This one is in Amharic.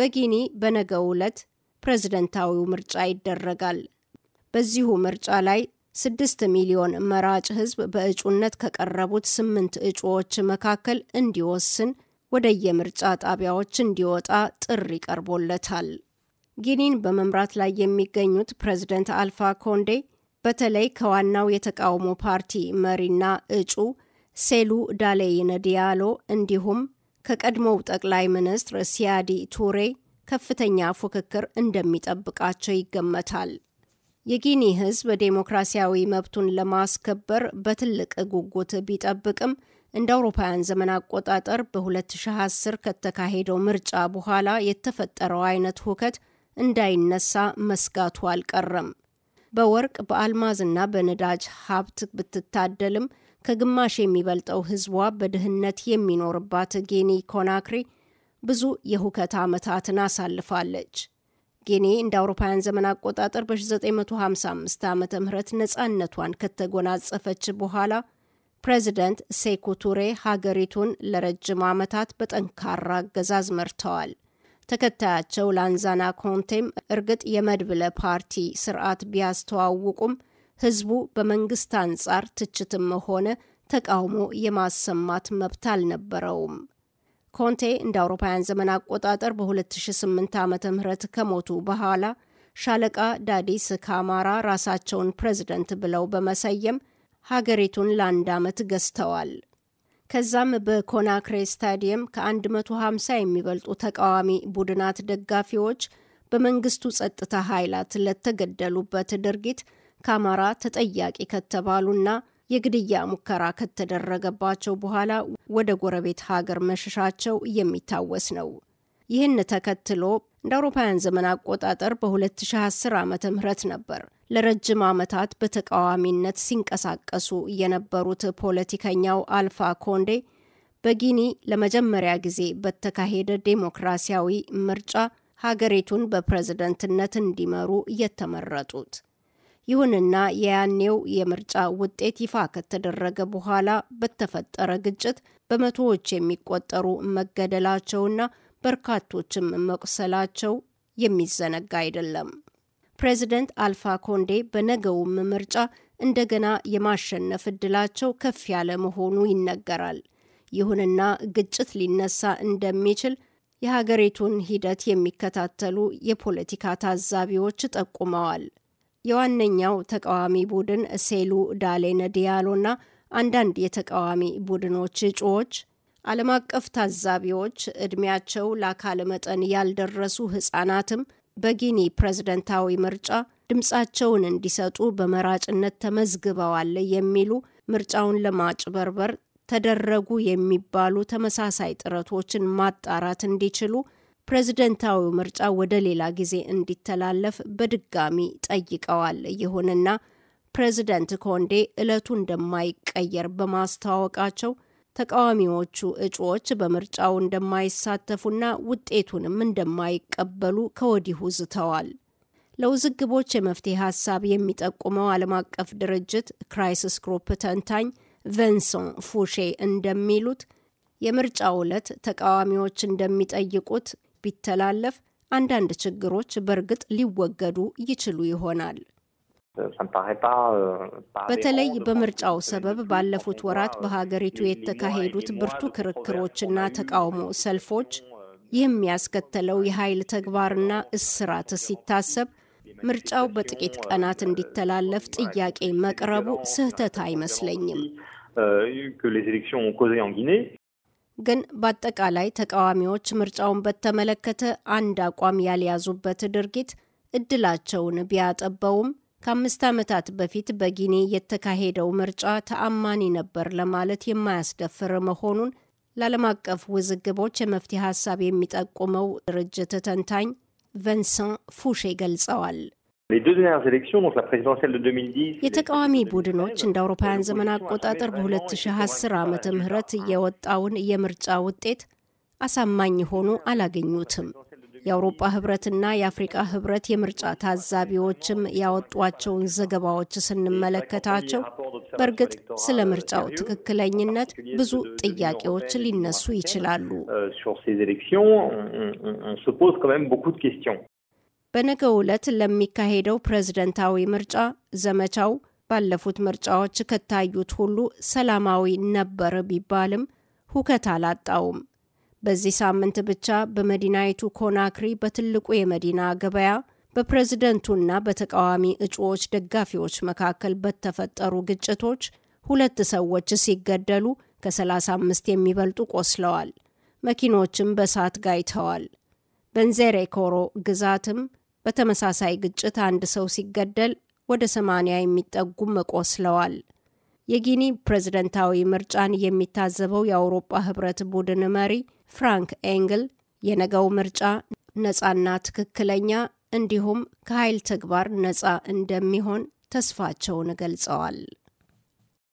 በጊኒ በነገው ዕለት ፕሬዝደንታዊው ምርጫ ይደረጋል። በዚሁ ምርጫ ላይ ስድስት ሚሊዮን መራጭ ህዝብ በእጩነት ከቀረቡት ስምንት እጩዎች መካከል እንዲወስን ወደየምርጫ ጣቢያዎች እንዲወጣ ጥሪ ቀርቦለታል። ጊኒን በመምራት ላይ የሚገኙት ፕሬዝደንት አልፋ ኮንዴ በተለይ ከዋናው የተቃውሞ ፓርቲ መሪና እጩ ሴሉ ዳሌይነ ዲያሎ እንዲሁም ከቀድሞው ጠቅላይ ሚኒስትር ሲያዲ ቱሬ ከፍተኛ ፉክክር እንደሚጠብቃቸው ይገመታል። የጊኒ ሕዝብ ዴሞክራሲያዊ መብቱን ለማስከበር በትልቅ ጉጉት ቢጠብቅም እንደ አውሮፓውያን ዘመን አቆጣጠር በ2010 ከተካሄደው ምርጫ በኋላ የተፈጠረው አይነት ሁከት እንዳይነሳ መስጋቱ አልቀረም። በወርቅ በአልማዝና በነዳጅ ሀብት ብትታደልም ከግማሽ የሚበልጠው ህዝቧ በድህነት የሚኖርባት ጌኒ ኮናክሪ ብዙ የሁከት ዓመታትን አሳልፋለች። ጌኒ እንደ አውሮፓውያን ዘመን አቆጣጠር በ1955 ዓ ም ነፃነቷን ከተጎናጸፈች በኋላ ፕሬዚደንት ሴኩቱሬ ሀገሪቱን ለረጅም ዓመታት በጠንካራ አገዛዝ መርተዋል። ተከታያቸው ላንዛና ኮንቴም እርግጥ የመድብለ ፓርቲ ስርዓት ቢያስተዋውቁም ህዝቡ በመንግስት አንጻር ትችትም ሆነ ተቃውሞ የማሰማት መብት አልነበረውም። ኮንቴ እንደ አውሮፓውያን ዘመን አቆጣጠር በ2008 ዓ ም ከሞቱ በኋላ ሻለቃ ዳዲስ ካማራ ራሳቸውን ፕሬዝደንት ብለው በመሰየም ሀገሪቱን ለአንድ ዓመት ገዝተዋል። ከዛም በኮናክሬ ስታዲየም ከ150 የሚበልጡ ተቃዋሚ ቡድናት ደጋፊዎች በመንግስቱ ጸጥታ ኃይላት ለተገደሉበት ድርጊት ከአማራ ተጠያቂ ከተባሉና የግድያ ሙከራ ከተደረገባቸው በኋላ ወደ ጎረቤት ሀገር መሸሻቸው የሚታወስ ነው። ይህን ተከትሎ እንደ አውሮፓውያን ዘመን አቆጣጠር በ2010 ዓ ም ነበር ለረጅም ዓመታት በተቃዋሚነት ሲንቀሳቀሱ የነበሩት ፖለቲከኛው አልፋ ኮንዴ በጊኒ ለመጀመሪያ ጊዜ በተካሄደ ዴሞክራሲያዊ ምርጫ ሀገሪቱን በፕሬዝደንትነት እንዲመሩ የተመረጡት። ይሁንና የያኔው የምርጫ ውጤት ይፋ ከተደረገ በኋላ በተፈጠረ ግጭት በመቶዎች የሚቆጠሩ መገደላቸውና በርካቶችም መቁሰላቸው የሚዘነጋ አይደለም። ፕሬዚደንት አልፋ ኮንዴ በነገውም ምርጫ እንደገና የማሸነፍ እድላቸው ከፍ ያለ መሆኑ ይነገራል። ይሁንና ግጭት ሊነሳ እንደሚችል የሀገሪቱን ሂደት የሚከታተሉ የፖለቲካ ታዛቢዎች ጠቁመዋል። የዋነኛው ተቃዋሚ ቡድን ሴሉ ዳሌነ ዲያሎና አንዳንድ የተቃዋሚ ቡድኖች እጩዎች ዓለም አቀፍ ታዛቢዎች ዕድሜያቸው ለአካል መጠን ያልደረሱ ህጻናትም በጊኒ ፕሬዝደንታዊ ምርጫ ድምፃቸውን እንዲሰጡ በመራጭነት ተመዝግበዋል የሚሉ ምርጫውን ለማጭበርበር ተደረጉ የሚባሉ ተመሳሳይ ጥረቶችን ማጣራት እንዲችሉ ፕሬዝደንታዊ ምርጫ ወደ ሌላ ጊዜ እንዲተላለፍ በድጋሚ ጠይቀዋል። ይሁንና ፕሬዝደንት ኮንዴ ዕለቱ እንደማይቀየር በማስተዋወቃቸው ተቃዋሚዎቹ እጩዎች በምርጫው እንደማይሳተፉና ውጤቱንም እንደማይቀበሉ ከወዲሁ ዝተዋል። ለውዝግቦች የመፍትሄ ሀሳብ የሚጠቁመው ዓለም አቀፍ ድርጅት ክራይሲስ ግሩፕ ተንታኝ ቬንሶን ፉሼ እንደሚሉት የምርጫው ዕለት ተቃዋሚዎች እንደሚጠይቁት ቢተላለፍ አንዳንድ ችግሮች በእርግጥ ሊወገዱ ይችሉ ይሆናል። በተለይ በምርጫው ሰበብ ባለፉት ወራት በሀገሪቱ የተካሄዱት ብርቱ ክርክሮችና ተቃውሞ ሰልፎች ይህም ያስከተለው የኃይል ተግባርና እስራት ሲታሰብ ምርጫው በጥቂት ቀናት እንዲተላለፍ ጥያቄ መቅረቡ ስህተት አይመስለኝም። ግን በአጠቃላይ ተቃዋሚዎች ምርጫውን በተመለከተ አንድ አቋም ያልያዙበት ድርጊት እድላቸውን ቢያጠበውም ከአምስት ዓመታት በፊት በጊኒ የተካሄደው ምርጫ ተአማኒ ነበር ለማለት የማያስደፍር መሆኑን ለዓለም አቀፍ ውዝግቦች የመፍትሄ ሀሳብ የሚጠቁመው ድርጅት ተንታኝ ቨንሳን ፉሼ ገልጸዋል። የተቃዋሚ ቡድኖች እንደ አውሮፓውያን ዘመን አቆጣጠር በ2010 ዓመተ ምህረት የወጣውን የምርጫ ውጤት አሳማኝ ሆኖ አላገኙትም። የአውሮፓ ህብረትና የአፍሪቃ ህብረት የምርጫ ታዛቢዎችም ያወጧቸውን ዘገባዎች ስንመለከታቸው በእርግጥ ስለ ምርጫው ትክክለኝነት ብዙ ጥያቄዎች ሊነሱ ይችላሉ። euh, በነገ ዕለት ለሚካሄደው ፕሬዝደንታዊ ምርጫ ዘመቻው ባለፉት ምርጫዎች ከታዩት ሁሉ ሰላማዊ ነበር ቢባልም ሁከት አላጣውም። በዚህ ሳምንት ብቻ በመዲናይቱ ኮናክሪ በትልቁ የመዲና ገበያ በፕሬዝደንቱና በተቃዋሚ እጩዎች ደጋፊዎች መካከል በተፈጠሩ ግጭቶች ሁለት ሰዎች ሲገደሉ ከ35 የሚበልጡ ቆስለዋል። መኪኖችም በሳት ጋይተዋል። በንዜሬኮሮ ግዛትም በተመሳሳይ ግጭት አንድ ሰው ሲገደል ወደ ሰማንያ የሚጠጉም ቆስለዋል። የጊኒ ፕሬዝደንታዊ ምርጫን የሚታዘበው የአውሮፓ ህብረት ቡድን መሪ ፍራንክ ኤንግል የነገው ምርጫ ነፃና ትክክለኛ እንዲሁም ከኃይል ተግባር ነፃ እንደሚሆን ተስፋቸውን ገልጸዋል።